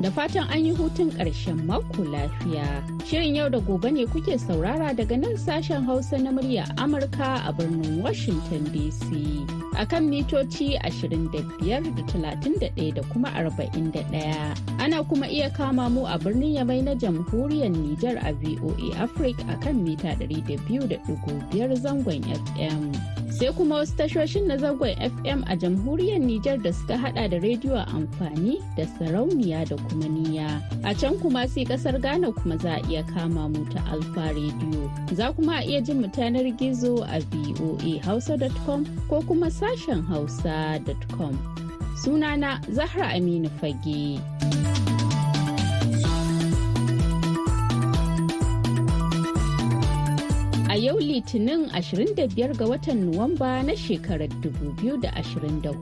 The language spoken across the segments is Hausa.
Da fatan an yi hutun ƙarshen mako lafiya. Shirin yau da gobe ne kuke saurara daga nan sashen Hausa na murya Amurka a birnin Washington DC. A kan mitoci 25 da kuma 41. Ana kuma iya kama mu a birnin Yamai na jamhuriyar Nijar a VOA Africa a kan mita 200.5 zangon FM. sai kuma wasu tashoshin na zagon fm a jamhuriyar nijar da suka hada da rediyo a amfani da sarauniya da kuma niya a can kuma sai kasar ghana kuma za a iya kama mu ta alfa rediyo za kuma a iya jin mu gizo a voa hausa.com ko kuma sashen hausa.com sunana zahra aminu fage. yau litinin 25 ga watan Nuwamba na shekarar 2024.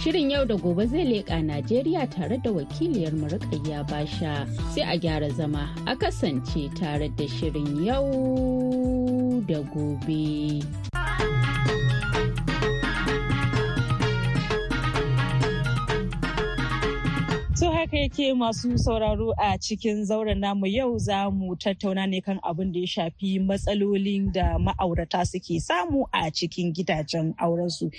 Shirin yau da gobe zai leƙa Najeriya tare da wakiliyar Murƙayya Basha sai a gyara zama a kasance tare da shirin yau da gobe. haka yake masu sauraro a cikin zauren namu yau za mu tattauna ne kan abin da ya shafi matsalolin da ma'aurata suke samu a cikin gidajen aurensu.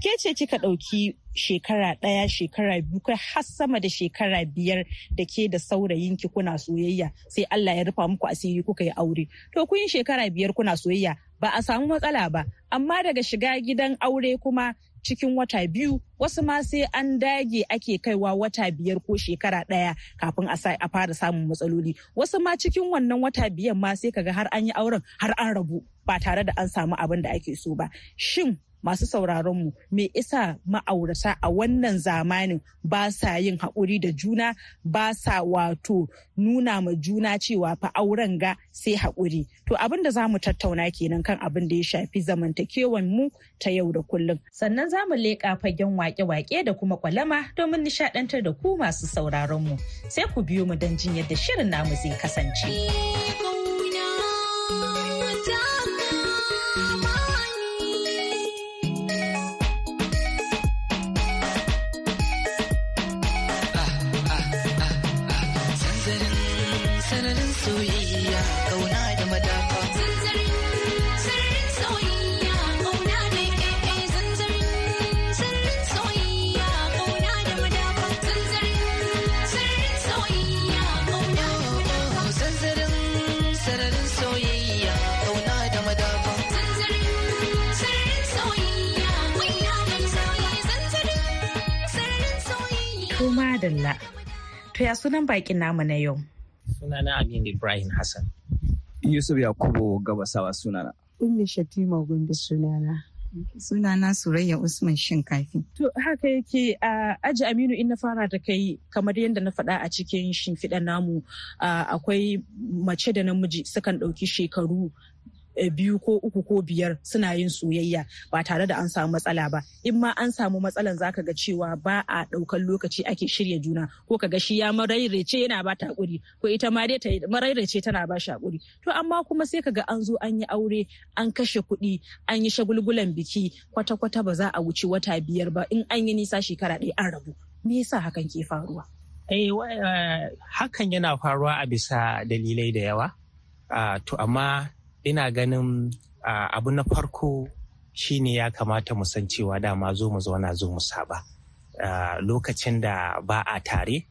Ke ce kika ɗauki shekara ɗaya shekara biyu kai har sama da shekara biyar da ke da saurayinki kuna soyayya sai Allah ya rufa muku asiri kuka yi aure. To kun yi shekara biyar kuna soyayya ba a samu matsala ba amma daga shiga gidan aure kuma cikin wata biyu wasu ma sai an dage ake kaiwa wata biyar ko shekara ɗaya kafin a fara samun matsaloli wasu ma cikin wannan wata biyan ma sai kaga har an yi auren har an rabu ba tare da an samu abin da ake so ba shin masu sauraronmu me isa ma'aurata a wannan zamanin ba sa yin haƙuri da juna ba sa wato nuna ma juna cewa fa auren ga sai haƙuri to abin da za mu tattauna kenan kan abin da ya shafi zamantakewan mu ta yau da kullum sannan za mu leƙa fagen waƙe-waƙe da kuma kwalama domin nishaɗantar da ku masu sauraronmu sai ku biyo mu don jin yadda shirin namu zai kasance. ya sunan bakin namu na yau? Sunana Aminu Ibrahim Hassan. Yusuf Yakubu Gabasawa sunana. Ummi Shatima Gombe sunana. sunana Surayya Usman Shinkafi. To haka yake a Aji Aminu in na fara da kai kamar yadda na faɗa a cikin shimfiɗa namu akwai mace da namiji sukan ɗauki shekaru Eh, biyu ko uku ko biyar suna yin soyayya ba tare da an samu matsala ba in ma an samu matsalan zaka ga cewa ba a ɗaukan lokaci ake shirya juna ko ka ga shi ya marairace yana ba ta hakuri ko ita ma dai ta marairace tana ba shi hakuri to amma kuma sai ka ga an zo an yi aure an kashe kuɗi an yi shagulgulan biki kwata-kwata ba za a wuce wata biyar ba in an yi nisa shekara ɗaya an rabu me yasa hakan ke faruwa eh, eh hakan yana faruwa a bisa dalilai da yawa ah, to amma ina ganin abu na farko shine ya kamata mu san cewa dama zo mu zauna zo mu saba lokacin da ba a tare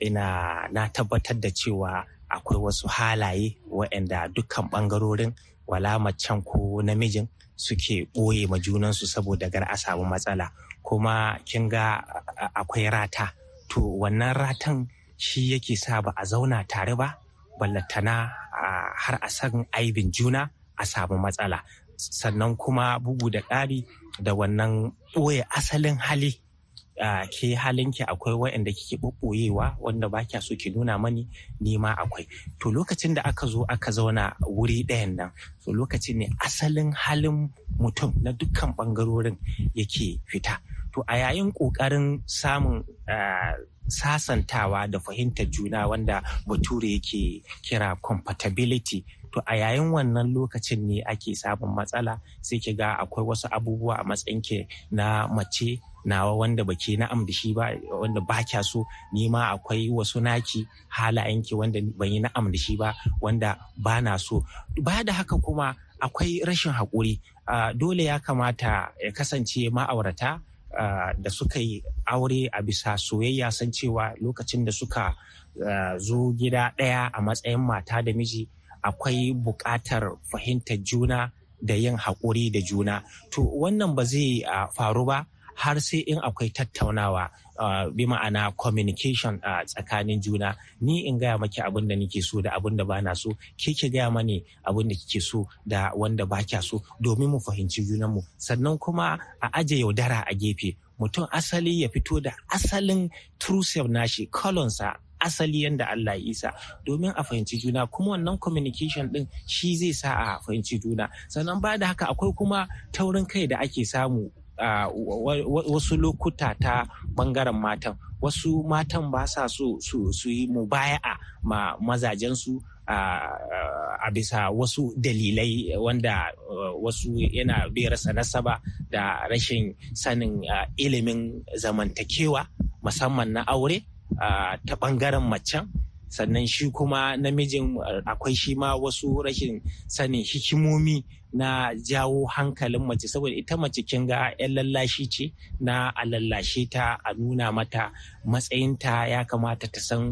ina na tabbatar da cewa akwai wasu halaye waɗanda dukkan ɓangarorin wala macen ko namijin suke ɓoye ma junansu saboda gar a samu matsala kuma kin ga akwai rata to wannan ratan shi yake sa ba a zauna tare ba ballatana har a san aibin juna a samu matsala sannan kuma bugu da ƙari da wannan ɓoye asalin hali ke halinki akwai waɗanda kike ɓuɓɓoyewa wanda ba kya so ki nuna mani ni ma akwai to lokacin da aka zo aka zauna wuri ɗayan nan to lokacin ne asalin halin mutum na dukkan ɓangarorin yake fita to a yayin ƙoƙarin samun sasantawa da fahimtar juna wanda bature yake kira compatibility to a yayin wannan lokacin ne ake samun matsala sai ki ga akwai wasu abubuwa a matsayin ki na mace nawa wanda baki na da shi ba wanda ba kya so nima akwai wasu naki halayenki wanda ban yi na da shi ba wanda ba na so ba da haka kuma akwai rashin haƙuri dole ya kamata ya kasance ma'aurata da suka yi aure a bisa soyayya san cewa lokacin da suka zo gida ɗaya a matsayin mata da miji akwai buƙatar fahimtar juna da yin haƙuri da juna to wannan ba zai faru ba har sai in akwai tattaunawa bi ma'ana communication a tsakanin juna ni in gaya maki abin da nake so da abin da bana so ke ke gaya mani abin da kike so da wanda ba kya so domin mu fahimci junanmu sannan kuma a aje yaudara a gefe mutum asali ya fito da asalin true self nashi kolonsa asali yadda Allah ya isa domin a fahimci juna kuma wannan communication din shi zai sa a fahimci juna sannan ba da haka akwai kuma taurin kai da ake samu a wasu lokuta ta bangaren matan wasu matan ba sa so su yi mubaya'a ma mazajensu a bisa wasu dalilai wanda wasu yana bai rasa nasaba da rashin sanin ilimin zamantakewa musamman na aure ta ɓangaren macen sannan shi kuma namijin akwai shi ma wasu rashin sanin hikimomi na jawo hankalin mace saboda ita mace kin ga 'yan lallashi ce na a lallashe ta a nuna mata matsayinta ya kamata ta san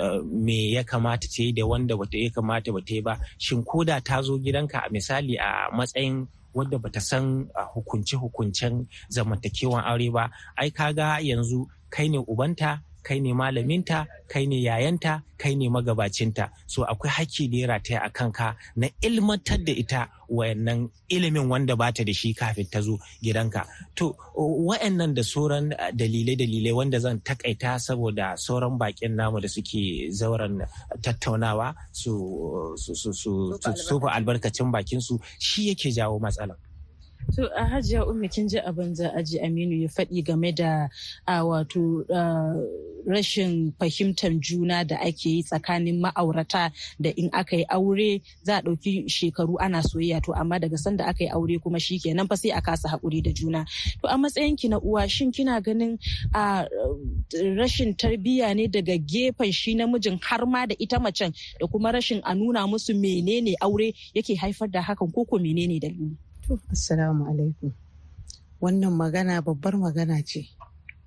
eh, me ya kamata ta yi da wanda bata ya kamata ba ta yi ba shin ko da ta zo gidanka a misali a matsayin wadda bata san hukunce-hukuncen zamantakewan aure ba ai kaga yanzu kai ne ubanta kai ne malaminta kai ne yayanta kai ne magabacinta so akwai haƙƙi da ya rataya a kanka na ilmantar da ita wayannan ilimin wanda ba ta da shi kafin ta zo gidanka to wayannan da sauran ah, dalilai-dalilai wanda zan takaita saboda sauran baƙin namu da suke zauren tattaunawa su su su su albarkacin bakinsu, shi yake jawo matsala. To a hajiya ummi kin ji abin a aji Aminu ya faɗi game da wato rashin fahimtar juna da ake yi tsakanin ma'aurata da in aka yi aure za a ɗauki shekaru ana soyayya to amma daga sanda aka yi aure kuma shi ke nan fa sai a kasa haƙuri da juna. To a matsayin ki na uwa shin kina ganin a rashin tarbiyya ne daga gefen shi namijin har ma da ita macen da kuma rashin a nuna musu menene aure yake haifar da hakan ko ko menene dalili. Assalamu alaikum. Wannan magana babbar magana ce.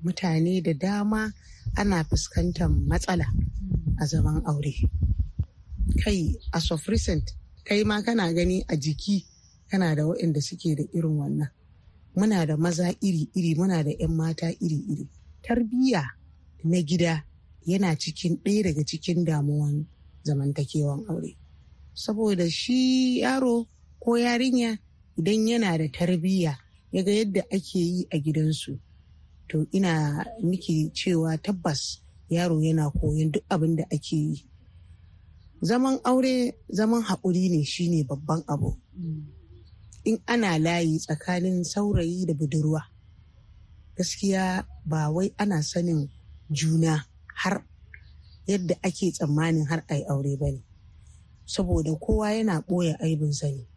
Mutane da dama ana fuskantar matsala a zaman aure. Kai, a recent kai ma kana gani a jiki kana da waɗanda suke da irin wannan. Muna da maza iri-iri, muna da 'yan mata iri-iri. Tarbiyya na gida yana cikin ɗaya daga cikin damuwan zamantakewan aure. Saboda shi yaro ko yarinya idan yana da tarbiyya ya ga yadda ake yi a gidansu to ina miki cewa tabbas yaro yana koyon duk abin da ake yi zaman aure zaman haƙuri ne shine babban abu in ana layi tsakanin saurayi da budurwa gaskiya ba wai ana sanin juna har yadda ake tsammanin har ai aure ba ne saboda kowa yana ɓoye aibinsa ne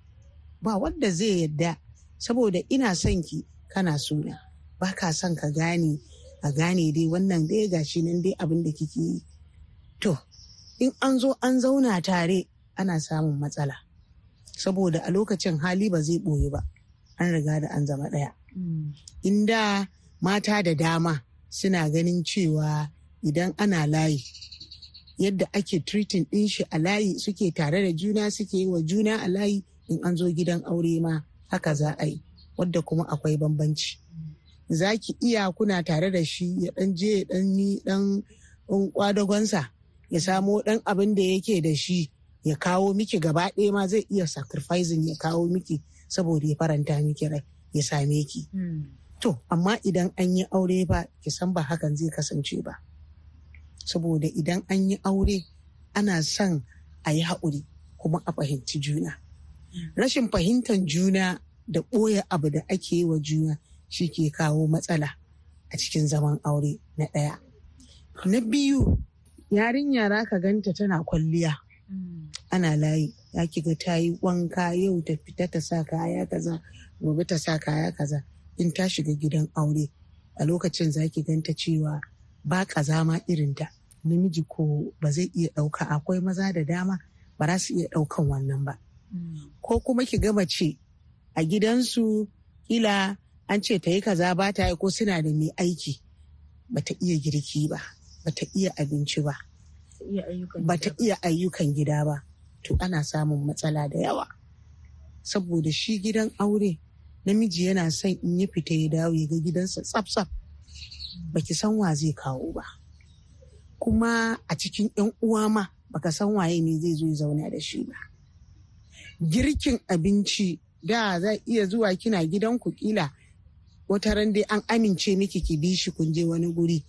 ba wanda zai yadda saboda ina son ki kana suna ba ka son ka gane a gane dai wannan dai gashi nan dai abin da kike yi to in an zo an zauna tare ana samun matsala saboda a lokacin hali ba zai ɓoye ba an riga da an zama ɗaya mm. inda mata da dama suna ganin cewa idan ana layi yadda ake treating ɗin shi a layi suke tare da juna suke yi wa juna a layi in an zo gidan aure ma haka za a yi wadda kuma akwai bambanci za ki iya kuna tare da shi ya dan je dan ni dan kwadagonsa ya samo dan abin da yake da shi ya kawo miki gaba ɗaya ma zai iya sacrificing ya kawo miki saboda ya faranta miki rai ya same ki to amma idan an yi aure ba ki san ba hakan zai kasance ba saboda idan an yi aure ana son a yi haƙuri kuma a fahimci juna rashin fahimtar juna da ɓoye abu da ake yi wa juna shi ke kawo matsala a cikin zaman aure na ɗaya. Na biyu yarinya za ka ganta tana kwalliya ana layi ya ga ta yi wanka yau ta fita ta sa kaya kaza gobe ta sa kaya kaza in ta shiga gidan aure a lokacin za ki ganta cewa ba ma irinta namiji ko ba zai iya ɗauka akwai maza da dama ba za su iya ɗaukan wannan ba. ko kuma ki gama ce a gidansu kila an ce ta yi kaza ba ta yi ko suna da mai aiki bata iya girki ba bata iya abinci ba bata iya ayyukan gida ba to ana samun matsala da yawa saboda shi gidan aure namiji yana son in ya fita ya dawo ya ga gidansa tsaf-tsaf baki san wa zai kawo ba kuma a cikin 'yan uwa ma baka san waye ne zai zo ya zauna da shi ba girkin abinci da za iya zuwa kina gidan ku kila wata ran dai an amince miki ki bi shi kun je wani guri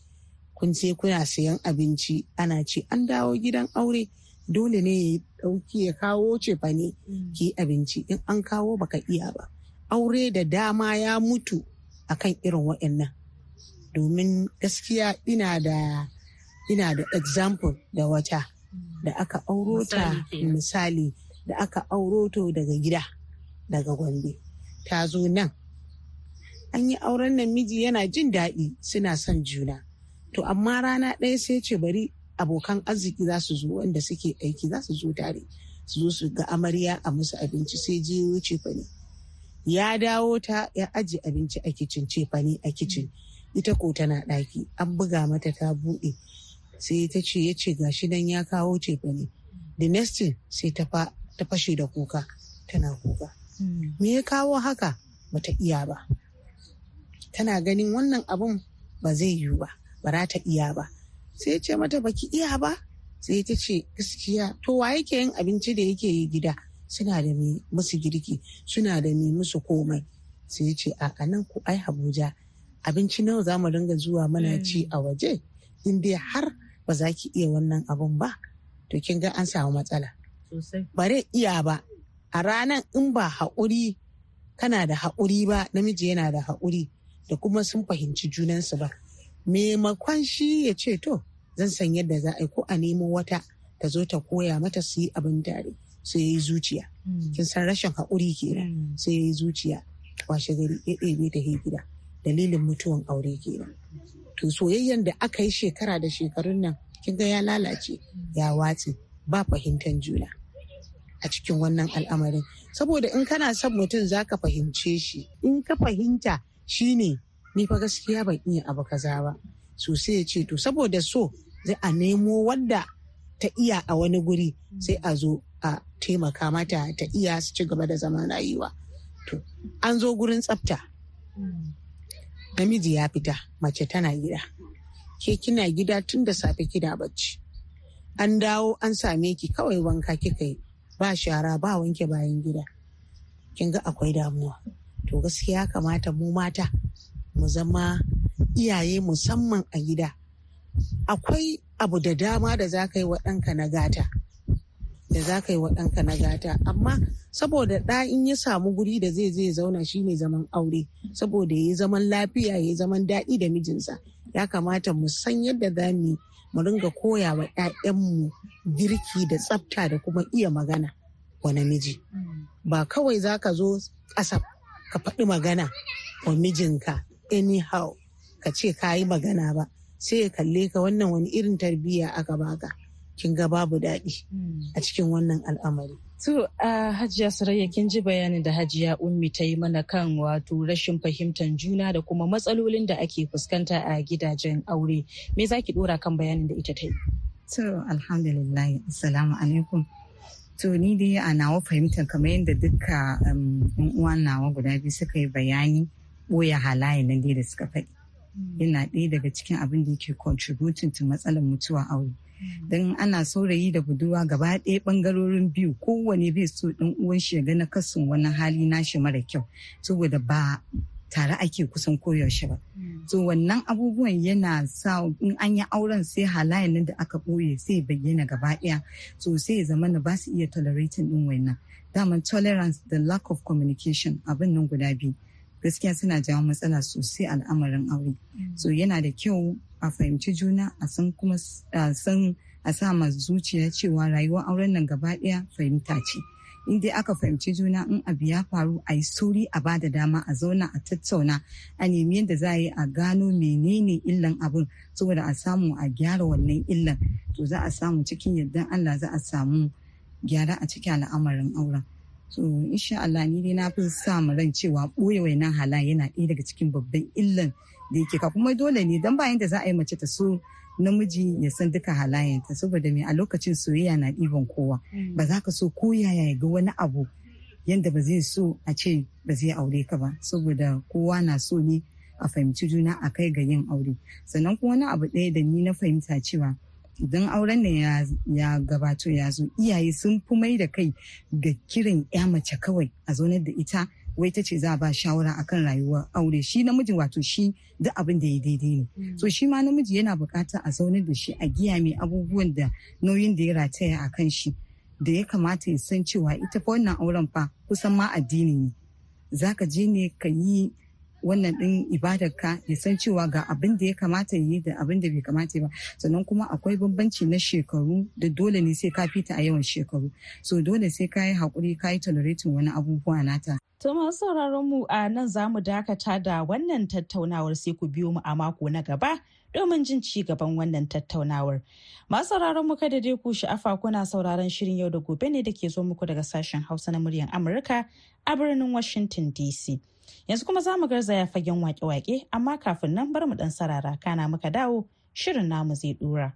kun ce kuna sayan abinci ana ce an dawo gidan aure dole ne ya dauki ya kawo ne. Mm. ki abinci in an kawo baka iya ba aure da dama ya mutu akan irin waɗannan domin gaskiya ina da ina da example da wata da aka aurota misali da aka auro to daga gida daga gombe ta zo nan an yi auren nan miji yana jin daɗi suna son juna to amma rana ɗaya sai ce bari abokan arziki za su zo wanda suke aiki za su zo tare su zo su ga amarya a musu abinci sai je wuce fani ya dawo ta ya aji abinci a kicin ce fani a kicin ita ko tana ɗaki an buga mata ta buɗe sai ta ce ya ce gashi nan ya kawo ce fani the next thing sai ta fa ta fashe da kuka tana kuka hmm. me ya kawo haka bata iya ba tana ganin wannan abun ba zai yiwu ba ba za ta iya ba sai ce mata baki iya ba sai ta ce gaskiya to wa yake yin abinci da yake yi gida suna da mi musu girki suna da mi musu komai sai ce a nan ku ai Habuja. abinci nawa za mu dinga zuwa mana hmm. ci a waje in har ba za ki iya wannan abun ba to kin ga an samu matsala bare iya ba a ranan in ba haƙuri kana da haƙuri ba namiji yana da haƙuri da kuma sun fahimci junansu ba maimakon shi ya ce to zan san yadda za a yi ko a nemo wata ta zo ta koya mata su yi abin tare su yi zuciya hmm. kin san rashin haƙuri kenan hmm. sai yi zuciya washe gari ya ɗebe ta gida dalilin mutuwan aure kenan to soyayyen da aka yi shekara da shekarun nan kin ga ya lalace ya watse ba fahimtar juna a cikin wannan al'amarin saboda in kana son mutum za ka fahimce shi in ka fahimta shine ni fa gaskiya ban iya abu kaza ba so sai ya ce to saboda so zai a nemo wanda ta iya a wani guri sai a zo a taimaka mata ta iya su ci gaba da zama rayuwa to an zo gurin tsafta namiji ya fita mace tana gida ke kina gida tun da safe kina bacci an dawo an same ki kawai wanka kika yi ba shara ba wanke bayan gida kin ga akwai damuwa to gaskiya kamata mu mata mu zama iyaye musamman a gida akwai abu da dama da za ka yi wa ɗanka na gata da za ka yi wa ɗanka na gata amma saboda ɗa in ya samu guri da zai zai zauna shi ne zaman aure saboda ya yi zaman lafiya ya yi zaman daɗi da mijinsa ya kamata mu san yadda za mu mu ringa koya wa 'ya'yanmu girki da tsafta da kuma iya magana wa namiji ba kawai za ka zo ƙasa ka faɗi magana wa mijinka anyhow ka ce ka yi magana ba sai ya kalle ka wannan wani irin tarbiyya aka baka kin ga babu daɗi hmm. a cikin wannan al'amari. To a hajiya Sarayya kin ji bayanin da hajiya ummi ta yi mana kan wato rashin fahimtar juna da kuma matsalolin da ake fuskanta a gidajen aure. Me za ki ɗora kan bayanin da ita ta yi? To alhamdulillah, assalamu alaikum. To ni dai a nawa fahimtar kamar yadda dukka uwan um, nawa guda biyu suka yi bayani ɓoye halaye na dai da suka faɗi. Hmm. Yana ɗaya daga cikin abin da yake contributing to matsalar mutuwa aure. Hmm. don ana saurayi da budurwa gaba ɗaya ɓangarorin biyu kowane bai so ɗan uwan shi ga na kasan wani hali nashi mara kyau saboda ba tare ake kusan koyaushe ba. Hmm. So wannan abubuwan yana sa in an yi auren sai halayen nan da aka ɓoye sai bayyana gaba ɗaya so sai ya zama na ba su iya tolerating ɗin wannan. Daman tolerance da lack of communication abin nan guda biyu gaskiya suna jawo matsala sosai al'amarin aure. Hmm. So yana da kyau a fahimci juna a san kuma a sa ma zuciya cewa rayuwar auren nan gaba ɗaya fahimta ce in dai aka fahimci juna in abu ya faru a yi sauri a bada dama a zauna a tattauna a nemi yadda za a yi a gano menene illan abin saboda a samu a gyara wannan illan to za a samu cikin yadda Allah za a samu gyara a cikin al'amarin auren so insha Allah ni dai na fi sa ran cewa ɓoye na hala yana ɗaya daga cikin babban illan da yake ka kuma dole ne don bayan da za a yi mace ta so namiji ya san duka halayenta saboda mai a lokacin soyayya na ɗiban kowa mm. ba za ka so ko yaya ya ga wani abu yadda ba zai so a ce ba zai aure ka ba saboda kowa na so ne a fahimci juna a kai ga yin aure sannan kuma wani abu ɗaya da ni na fahimta cewa idan auren nan ya gabato ya zo iyaye sun fi mai da kai ga kiran ya mace kawai a zaunar da ita wai ta ce za a ba shawara akan rayuwar aure shi namiji wato shi da abin da ya daidai ne mm. so shi ma namiji yana bukatar a zaunar da shi a giya mai abubuwan da nauyin da ya rataya a kan shi da ya kamata ya san cewa ita fa wannan auren fa kusan ma addini ne Za ka je ne ka yi wannan din ibadar ka ya san cewa ga abin da ya kamata yi da abin da bai kamata ba sannan kuma akwai bambanci na shekaru da dole ne sai ka fita a yawan shekaru so dole sai ka yi hakuri ka yi tolerating wani abubuwa nata To masu sauraron mu a nan za mu dakata da wannan tattaunawar sai ku biyo mu a mako na gaba domin jin ci gaban wannan tattaunawar. Masu sauraron mu kada dai ku sha'afa kuna sauraron shirin yau da gobe ne da ke zo muku daga sashen Hausa na muryar Amurka a birnin Washington DC. Yanzu kuma za mu garza ya fagen wake-wake amma kafin nan bar mu dan sarara kana muka dawo shirin namu zai dura.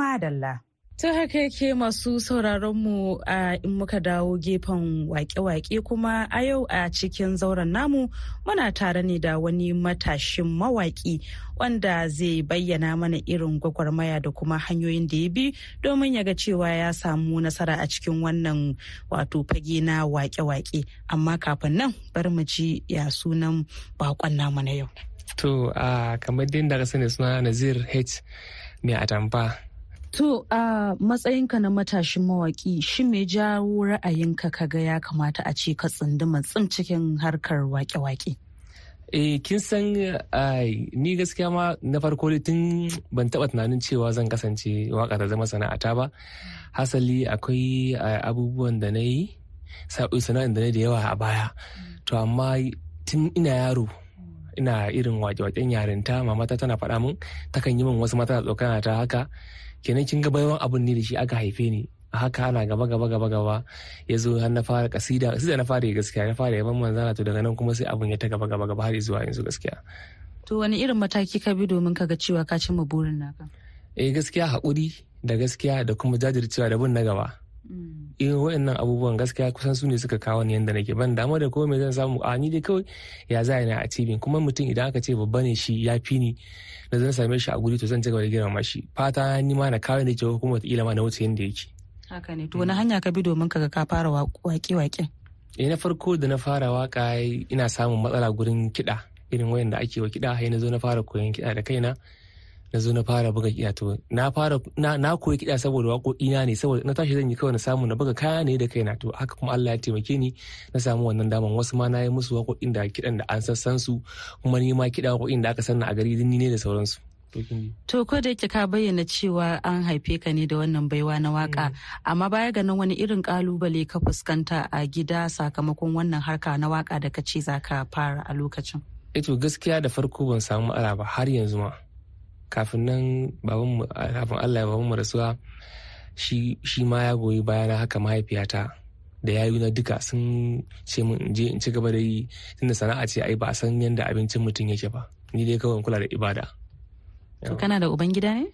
madalla. ta haka yake masu sauraronmu a in muka dawo gefen wake-wake kuma a yau a cikin zauren namu muna tare ne da wani matashin mawaki wanda zai bayyana mana irin gwagwarmaya da kuma hanyoyin da ya bi domin ya ga cewa ya samu nasara a cikin wannan wato fage na wake-wake amma kafin nan bari mu ji ya sunan bakon namu na yau to kamar da sani suna nazir h mai atamfa To a matsayinka na matashin mawaki shi me jawo ra'ayinka ka ga ya kamata a ce ka tsunduma tsin cikin harkar wake-wake? Eh kin san ni gaskiya ma na farko tun ban taɓa tunanin cewa zan kasance waka ta zama sana'ata ba. Hasali akwai abubuwan da na yi sana'in da na da yawa a baya. To amma tun ina yaro ina irin wake-waken yarinta mamata tana faɗa min takan yi min wasu mata tsokana ta haka kenan kin ga bayan abun ne da shi aka haife ni a haka ana gaba gaba gaba gaba ya zo har na fara kasida kasida na fara gaskiya na fara yaban manzana to daga nan kuma sai abun ya ta gaba gaba gaba har zuwa yanzu gaskiya to wani irin mataki ka bi domin ka ga cewa ka cimma burin naka eh gaskiya hakuri da gaskiya da kuma jajircewa da bin na gaba Mm. irin abubuwan gaskiya kusan su ne suka kawo ni yadda nake ban damu da komai zan samu a ni dai kawai ya za a a cibin kuma mutum idan aka ce babba ne shi ya fi ni da zan same shi a guri to zan ci gaba da girmama shi fata ni ma na kawo ne cewa kuma wataƙila ma na wuce yadda yake. haka ne to wani hanya ka bi domin kaga ka fara waƙe waƙe. eh na farko da na fara waƙa ina samun matsala gurin kiɗa irin wayanda ake wa kiɗa na zo na fara koyon kiɗa da kaina na zo na fara buga kiɗa to na fara na koyi kiɗa saboda waƙoƙi ne saboda na tashi zan yi kawai na samu na buga kaya ne da kaina to haka kuma Allah ya taimake ni na samu wannan daman wasu ma na yi musu waƙoƙin da kiɗan da an sassan su kuma ni ma kiɗa waƙoƙin da aka sanna a gari ni ne da sauransu. To ko da yake ka bayyana cewa an haife ka ne da wannan baiwa na waka mm. amma baya ga nan wani irin kalubale ka fuskanta a gida sakamakon wannan harka na waka da ka ce za ka fara a lokacin. Eto eh gaskiya da farko ban samu ala ba har yanzu ma. kafin nan kafin Allah ya baban mu rasuwa shi ma ya goyi bayana haka mahaifiyata da yayu na duka sun ce min in je in ci gaba da yi tunda sana'a ce ai ba a san yadda abincin mutum yake ba ni dai kawai kula da ibada to kana da uban gida ne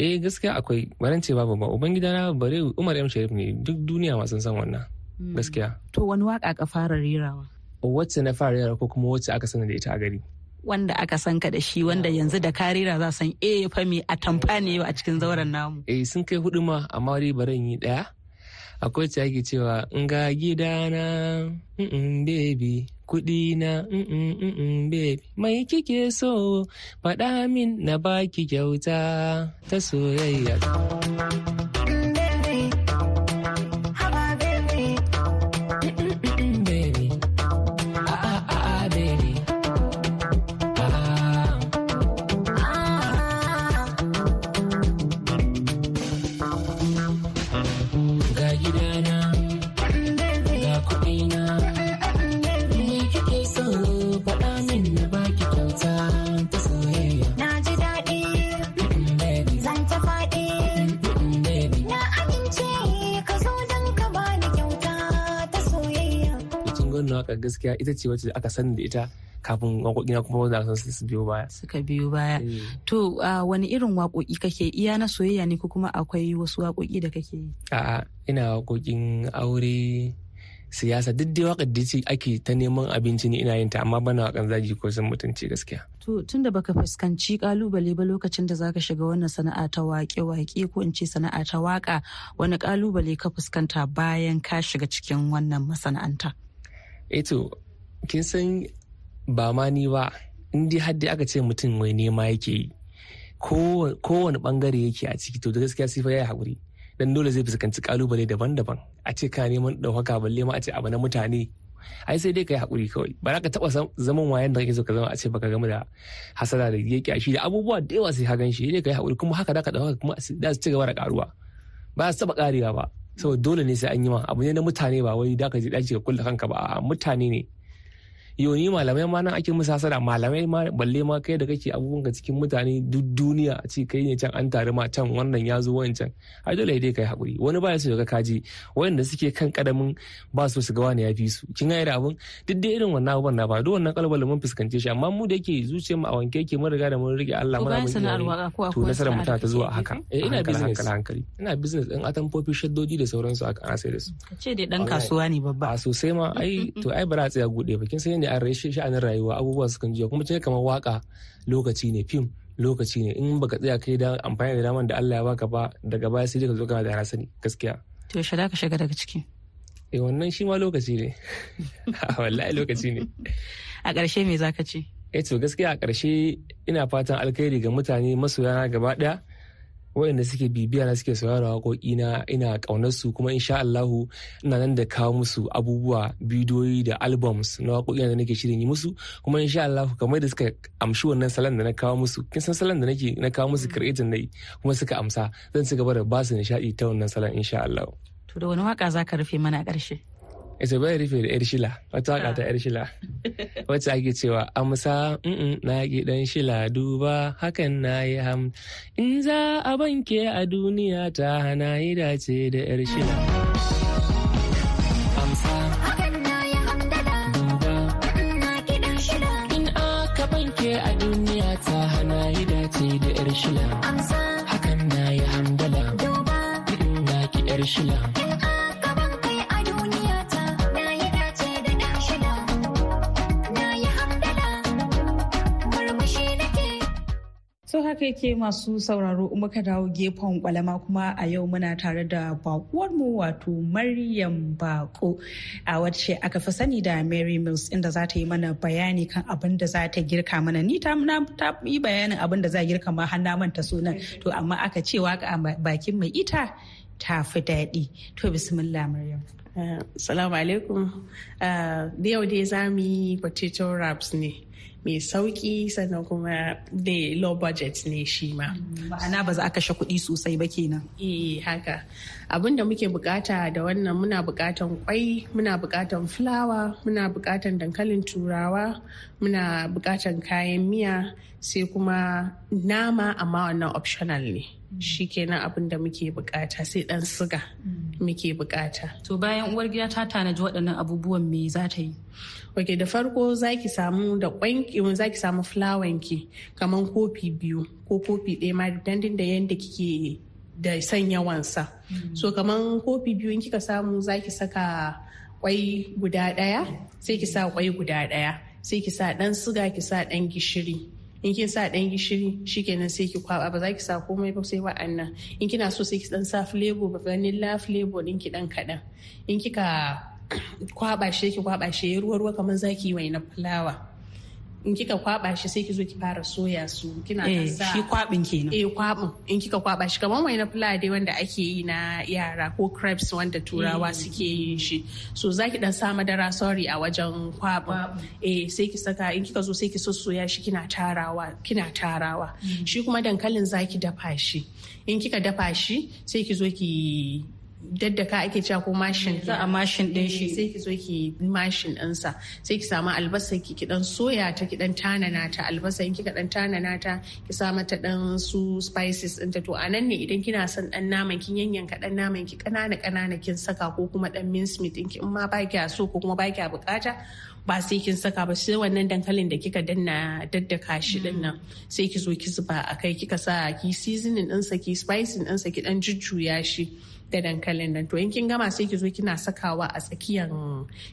eh gaskiya akwai baran ce babu ba uban gida na bare Umar M Sharif ne duk duniya ma sun san wannan hmm. gaskiya to wani waka ka fara rirawa wacce na fara rirawa ko kuma wacce aka sani da ita a gari wanda aka san ka da shi wanda yanzu da karira za san eh fa me a tamfa ne a cikin zauren namu eh sun kai hudu ma amma wani baran yi daya akwai ta yake cewa in ga gidana mm baby kudi na mm baby mai kike so faɗa min na baki kyauta ta soyayya waƙar gaskiya ita ce wacce aka sani da ita kafin waƙoƙina kuma wanda aka su biyo baya. Suka biyo baya. Eh. To wani irin waƙoƙi kake iya na soyayya ne ko kuma akwai wasu waƙoƙi da kake yi? A'a ina waƙoƙin aure siyasa duk dai waƙar da ce ake ta neman abinci ne ina yin ta amma bana waƙar zagi ko sun mutunci gaskiya. To da baka fuskanci kalubale ba lokacin da zaka shiga wannan sana'a ta waƙe waƙe ko in ce sana'a ta waƙa wani kalubale ka fuskanta bayan ka shiga cikin wannan masana'anta. eto eh kin san ba ma ni ba in dai har aka ce mutum wai nema yake yi kowane bangare yake a ciki to da gaskiya sifa ya yi haƙuri dan dole zai fuskanci kalubale daban-daban a ce ka neman ɗaukaka balle ma a ce abu na mutane ai sai dai ka yi haƙuri kawai ba za ka taɓa zaman wayan da kake so ka zama a ce baka gama da hasara da yake a shi da abubuwa da yawa sai ka gan shi dai ka yi haƙuri kuma haka da ka ɗaukaka kuma za su ci gaba da ƙaruwa ba su taɓa ƙarewa ba saboda dole ne sai an yi ma abu ne na mutane ba wai da ka je daji ka kulle kanka ba mutane ne yoni malamai ma nan ake musu hasada malamai ma balle ma kai da kake abubuwan ka cikin mutane duk duniya a ce kai ne can an tare ma can wannan ya zo wancan ai dole dai kai hakuri wani ba ya so ga kaji wanda suke kan kadamin ba su su ga wani ya fi su kin ga da abun duk dai irin wannan abubuwan na ba duk wannan kalbalin mun fuskance shi amma mu da yake zuciyar mu a wanke yake mun riga da mun rike Allah mana mun to nasarar mutane ta zuwa haka eh, ina business hankali ina business din atamfofi shaddodi da sauransu aka ana sai da su ce dai dan kasuwa ne babba a sosai ma ai to ai ba za a tsaya gude ba kin sai ne a sha'anin rayuwa abubuwa sukan juya kuma kina kamar waka lokaci ne fim lokaci ne in baka tsaya kai da amfani da daman da Allah ya baka ba daga baya sai ka zo kana da rasani gaskiya to yaushe da ka shiga daga ciki eh wannan shi ma lokaci ne wallahi lokaci ne a ƙarshe me zaka ce eh to gaskiya a ƙarshe ina fatan alkhairi ga mutane masoyana gaba daya. waɗanda suke bibiya na suke saurara waƙoƙi na ina ƙaunar su kuma insha Allahu ina nan da kawo musu abubuwa bidiyoyi da albums na waƙoƙi da nake shirin yi musu kuma insha Allahu kamar da suka amshi wannan salon da na kawo musu kin san salon da nake na kawo musu mm. creating nai kuma suka amsa zan ci gaba da ba su nishaɗi ta wannan salon insha Allahu to da wani waka zaka rufe mana karshe. ita bai rufe da yar shila wata waka ta yar ah. shila wacce ake cewa amsa na ki dan shila duba hakan na yi ham in za a banke a duniya ta hana yi dace da yar shila amsa aka banke a duniya ta hana da yar hakan na yi hamdala shila haka ke masu sauraro muka dawo gefen kwalama kuma a yau muna tare da mu wato Maryam Bako a wacce aka fi sani da Mary Mills inda za ta yi mana bayani kan abin da za ta girka mana ni ta yi bayanin abin da za a girka ma hannu manta sunan to amma aka ce waka bakin mai ita ta fi daɗi to bismillah Maryam. Salamu alaikum. Ah, da yau dai za mu yi potato wraps ne. mai sauki sannan kuma da low budget ne shi ma. Ba'ana ba za a kashe kuɗi sosai ba kenan. Eh haka. abin da muke bukata da wannan muna bukatan kwai muna bukatan fulawa muna bukatan dankalin turawa muna bukatan kayan miya sai kuma nama amma wannan optional ne mm. shi kenan abin da muke bukata sai dan suga mm. muke bukata to bayan uwar gida ta tanaji waɗannan abubuwan me za ta yi ok da farko za ki samu da kwanki za ki samu fulawanki kamar kofi biyu ko kofi ɗaya ma dandin da yadda kike da san yawansa mm. so kaman kofi biyu in kika samu za ki saka kwai guda ɗaya sai ki sa kwai guda ɗaya sai ki sa ɗan siga ki sa ɗan gishiri in kin sa ɗan gishiri shikenan sai ki kwaba ba za ki sa komai ba sai wa'annan in kina so sai ki dan sa flavor ba vanilla flavor ɗin ki dan kaɗan in kika kwaba shi ki kwaba shi ruwa ruwa kamar zaki yi waina fulawa in kika kwaba shi sai ki zo ki fara soya su kina eh, sa shi kwabin kenan eh kwabin in kika kwaba shi kamar wani na Fulade wanda ake yi na yara ko crepes wanda turawa mm. suke yin shi so zaki dan sa madara sorry a wajen kwabin eh sai ki saka in kika zo sai ki sossoya shi kina tarawa kina tarawa mm. shi kuma dankalin zaki dafa shi in kika dafa shi sai ki zo ki daddaka ake cewa ko mashin za a mashin din shi eh, sai ki zo ki mashin ɗinsa sai ki samu albasa ki ki dan soya ta ki dan tanana ta albasa in kika dan tanana ta ki sa mata dan su spices ɗinta to anan ne idan kina son dan naman kin yanyanka dan naman ki kanana kanana kin saka ko kuma dan mince meat ɗin ki in ma ba a so ko kuma ba a bukata ba sai kin saka ba sai wannan dankalin da kika danna daddaka shi din nan sai ki zo ki zuba a kai kika sa ki seasoning ɗinsa ki spicing ɗinsa ki dan jujjuya shi da dankalin nan to in kin gama sai ki zo kina sakawa a tsakiyan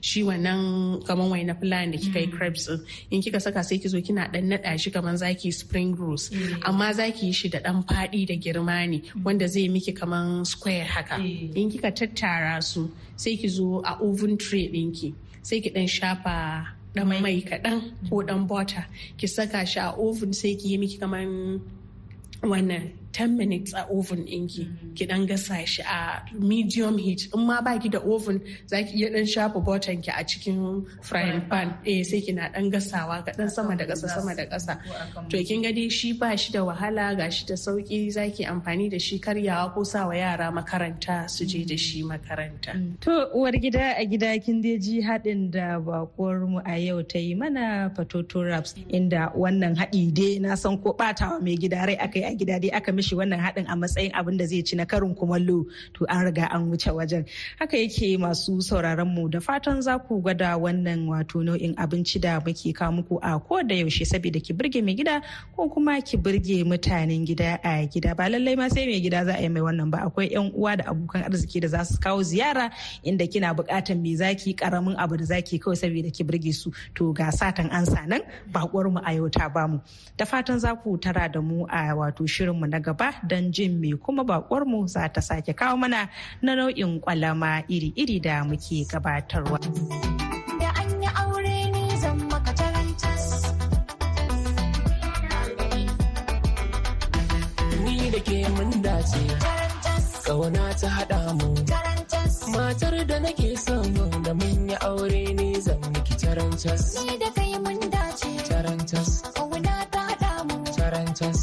shi wannan kaman wai na fulani da kika yi mm. crepes din in kika saka sai ki zo kina dan nada shi kaman zaki spring rolls mm. amma zaki yi shi da dan fadi da girma ne mm. wanda zai miki kaman square haka in kika tattara su sai ki zo a oven tray ɗinki sai ki dan shafa dan mai kaɗan ko dan butter ki saka shi a oven sai ki yi miki kaman wannan 10 minutes a oven inki ki dan gasa shi a medium heat in ma baki da oven za ki iya dan shafa button ki a cikin frying pan eh sai ki na dan gasawa ga dan sama da kasa sama da kasa to kin ga shi ba shi da wahala ga shi da sauki zaki ki amfani da shi karyawa ko sawa yara makaranta su je da shi makaranta mm. to uwar gida a gida kin dai ji haɗin da bakuwar mu a yau ta yi mana fatoto wraps inda wannan haɗi dai na san ko batawa mai gida rai akai a gida dai aka mishi wannan haɗin a matsayin abin da zai ci na karin kumallo to an riga an wuce wajen haka yake masu sauraron mu da fatan za ku gwada wannan wato nau'in abinci da muke kawo muku a ko da yaushe saboda ki burge mai gida ko kuma ki burge mutanen gida a gida ba lallai ma sai mai gida za a yi mai wannan ba akwai yan uwa da abokan arziki da za su kawo ziyara inda kina buƙatar me zaki karamin abu da zaki kawai saboda ki burge su to ga satan an sanan bakwar mu a yau ta bamu da fatan za ku tara da mu a wato shirin mu na gaba don jin me kuma bakwarmu za ta sake kawo mana na nau'in kwalama iri-iri da muke gabatarwa. mun dace. Kauna ta haɗa mu. Matar da nake son da mun yi aure ne zan miki tarantas. Ni da kai mun dace. Tarantas. Kauna ta haɗa mu. Tarantas.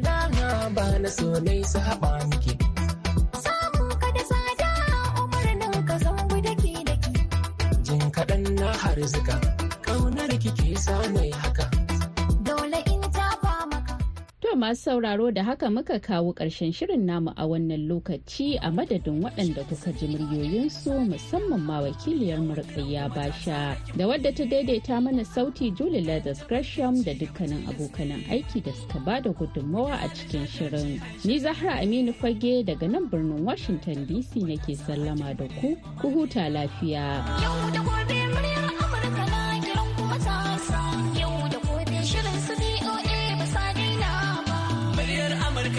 dana ba na so ne saba miki masu sauraro da haka muka kawo ƙarshen shirin namu a wannan lokaci a madadin waɗanda kuka ji muryoyinsu musamman ma wakiliyar murƙayya basha da wadda ta daidaita mana sauti Julie Leathers Gresham da dukkanin abokanan aiki da suka ba da gudunmawa a cikin shirin. Ni Zahra Aminu Fage daga nan birnin Washington DC nake sallama da ku, ku huta lafiya.